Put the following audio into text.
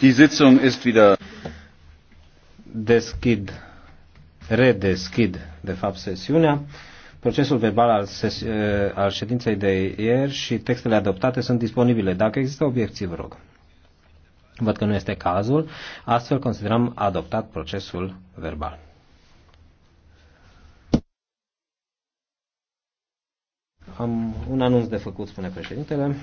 Die Sitzung ist wieder. Deschid, redeschid, de fapt, sesiunea. Procesul verbal al, ses, eh, al ședinței de ieri și textele adoptate sunt disponibile. Dacă există obiecții, vă rog. Văd că nu este cazul, astfel considerăm adoptat procesul verbal. Am un anunț de făcut, spune președintele.